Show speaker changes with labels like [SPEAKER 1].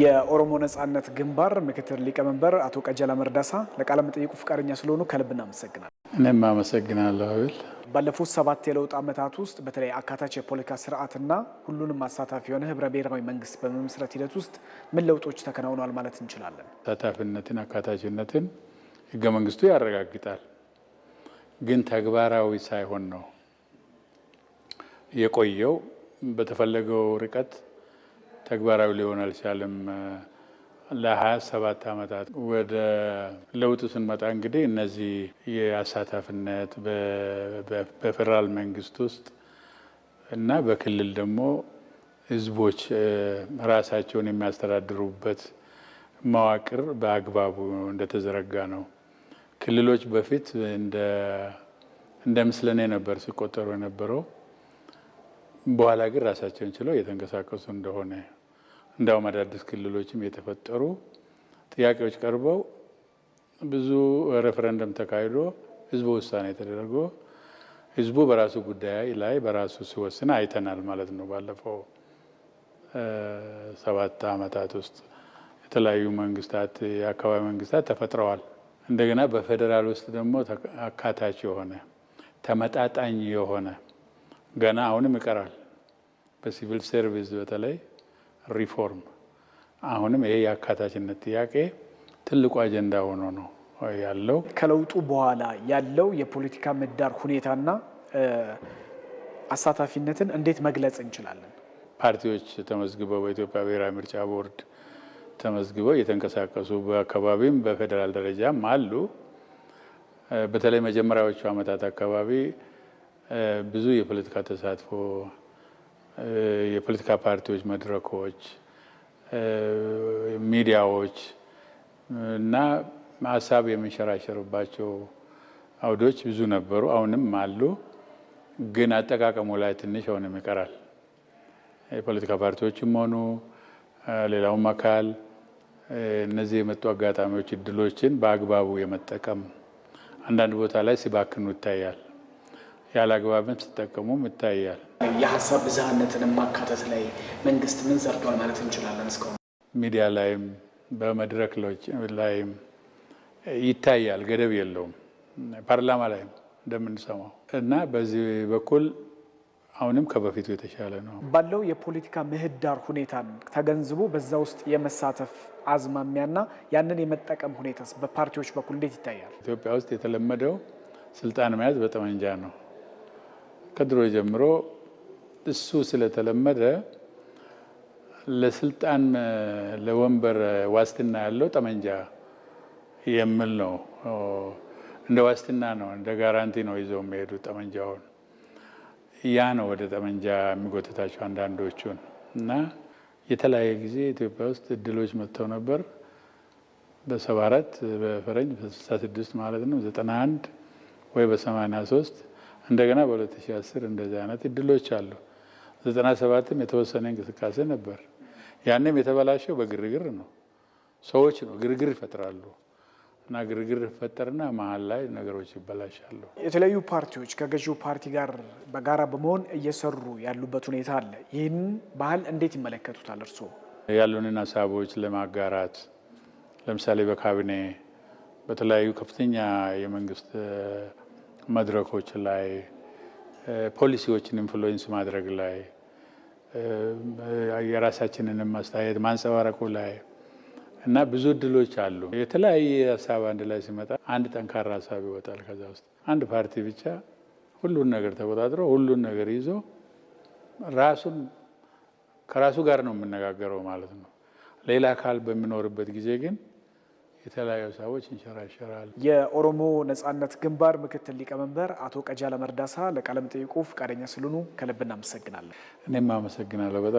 [SPEAKER 1] የኦሮሞ ነጻነት ግንባር ምክትል ሊቀመንበር አቶ ቀጀላ መርዳሳ ለቃለ መጠይቁ ፈቃደኛ ስለሆኑ ከልብ እናመሰግናለን።
[SPEAKER 2] እኔም አመሰግናለሁ አቤል።
[SPEAKER 1] ባለፉት ሰባት የለውጥ ዓመታት ውስጥ በተለይ አካታች የፖለቲካ ስርዓትና ሁሉንም አሳታፊ የሆነ ህብረ ብሔራዊ መንግስት በመመስረት ሂደት ውስጥ ምን ለውጦች ተከናውኗል ማለት እንችላለን?
[SPEAKER 2] አሳታፊነትን፣ አካታችነትን ህገ መንግስቱ ያረጋግጣል፣ ግን ተግባራዊ ሳይሆን ነው የቆየው በተፈለገው ርቀት ተግባራዊ ሊሆን አልቻለም። ለሀያ ሰባት ዓመታት ወደ ለውጥ ስንመጣ እንግዲህ እነዚህ የአሳታፍነት በፌዴራል መንግስት ውስጥ እና በክልል ደግሞ ህዝቦች ራሳቸውን የሚያስተዳድሩበት መዋቅር በአግባቡ እንደተዘረጋ ነው። ክልሎች በፊት እንደ ምስለኔ ነበር ሲቆጠሩ የነበረው። በኋላ ግን ራሳቸውን ችለው እየተንቀሳቀሱ እንደሆነ እንዳውም አዳዲስ ክልሎችም የተፈጠሩ ጥያቄዎች ቀርበው ብዙ ሬፈረንደም ተካሂዶ ህዝቡ ውሳኔ ተደርጎ ህዝቡ በራሱ ጉዳይ ላይ በራሱ ሲወስን አይተናል ማለት ነው። ባለፈው ሰባት ዓመታት ውስጥ የተለያዩ መንግስታት፣ የአካባቢ መንግስታት ተፈጥረዋል። እንደገና በፌዴራል ውስጥ ደግሞ አካታች የሆነ ተመጣጣኝ የሆነ ገና አሁንም ይቀራል። በሲቪል ሰርቪስ በተለይ ሪፎርም አሁንም ይሄ የአካታችነት ጥያቄ ትልቁ አጀንዳ ሆኖ ነው ያለው።
[SPEAKER 1] ከለውጡ በኋላ ያለው የፖለቲካ ምህዳር ሁኔታና አሳታፊነትን እንዴት መግለጽ እንችላለን?
[SPEAKER 2] ፓርቲዎች ተመዝግበው በኢትዮጵያ ብሔራዊ ምርጫ ቦርድ ተመዝግበው እየተንቀሳቀሱ በአካባቢም በፌዴራል ደረጃም አሉ። በተለይ መጀመሪያዎቹ ዓመታት አካባቢ ብዙ የፖለቲካ ተሳትፎ፣ የፖለቲካ ፓርቲዎች መድረኮች፣ ሚዲያዎች እና ሀሳብ የምንሸራሸርባቸው አውዶች ብዙ ነበሩ፣ አሁንም አሉ። ግን አጠቃቀሙ ላይ ትንሽ አሁንም ይቀራል። የፖለቲካ ፓርቲዎችም ሆኑ ሌላውም አካል እነዚህ የመጡ አጋጣሚዎች፣ እድሎችን በአግባቡ የመጠቀም አንዳንድ ቦታ ላይ ሲባክኑ ይታያል። አግባብን ሲጠቀሙም ይታያል።
[SPEAKER 1] የሀሳብ ብዝሃነትን ማካተት ላይ መንግስት ምን ዘርቷል ማለት እንችላለን? እስካሁን
[SPEAKER 2] ሚዲያ ላይም በመድረክ ላይም ይታያል፣ ገደብ የለውም። ፓርላማ ላይም እንደምንሰማው እና በዚህ በኩል አሁንም ከበፊቱ የተሻለ ነው።
[SPEAKER 1] ባለው የፖለቲካ ምህዳር ሁኔታን ተገንዝቦ በዛ ውስጥ የመሳተፍ አዝማሚያና ያንን የመጠቀም ሁኔታስ በፓርቲዎች በኩል እንዴት ይታያል?
[SPEAKER 2] ኢትዮጵያ ውስጥ የተለመደው ስልጣን መያዝ በጠመንጃ ነው። ከድሮ ጀምሮ እሱ ስለተለመደ ለስልጣን ለወንበር ዋስትና ያለው ጠመንጃ የሚል ነው። እንደ ዋስትና ነው፣ እንደ ጋራንቲ ነው ይዘው የሚሄዱ ጠመንጃውን። ያ ነው ወደ ጠመንጃ የሚጎትታቸው አንዳንዶቹን እና የተለያየ ጊዜ ኢትዮጵያ ውስጥ እድሎች መጥተው ነበር። በሰባ አራት በፈረንጅ በስልሳ ስድስት ማለት ነው ዘጠና አንድ ወይ በሰማኒያ ሶስት እንደገና በ2010 እንደዚህ አይነት እድሎች አሉ። 97ም የተወሰነ እንቅስቃሴ ነበር። ያንም የተበላሸው በግርግር ነው። ሰዎች ነው ግርግር ይፈጥራሉ እና ግርግር ይፈጠርና መሀል ላይ ነገሮች ይበላሻሉ።
[SPEAKER 1] የተለያዩ ፓርቲዎች ከገዢው ፓርቲ ጋር በጋራ በመሆን እየሰሩ ያሉበት ሁኔታ አለ። ይህን ባህል እንዴት ይመለከቱታል እርስዎ?
[SPEAKER 2] ያሉንን ሀሳቦች ለማጋራት ለምሳሌ በካቢኔ በተለያዩ ከፍተኛ የመንግስት መድረኮች ላይ ፖሊሲዎችን ኢንፍሉዌንስ ማድረግ ላይ የራሳችንን ማስተያየት ማንጸባረቁ ላይ እና ብዙ እድሎች አሉ። የተለያየ ሀሳብ አንድ ላይ ሲመጣ አንድ ጠንካራ ሀሳብ ይወጣል። ከዛ ውስጥ አንድ ፓርቲ ብቻ ሁሉን ነገር ተቆጣጥሮ ሁሉን ነገር ይዞ ራሱን ከራሱ ጋር ነው የምነጋገረው ማለት ነው። ሌላ አካል በሚኖርበት ጊዜ ግን የተለያዩ ሰዎች ይንሸራሸራል።
[SPEAKER 1] የኦሮሞ ነጻነት ግንባር ምክትል ሊቀመንበር አቶ ቀጃለ መርዳሳ ለቃለ መጠይቁ ፈቃደኛ ስለሆኑ ከልብ እናመሰግናለን።
[SPEAKER 2] እኔም አመሰግናለሁ በጣም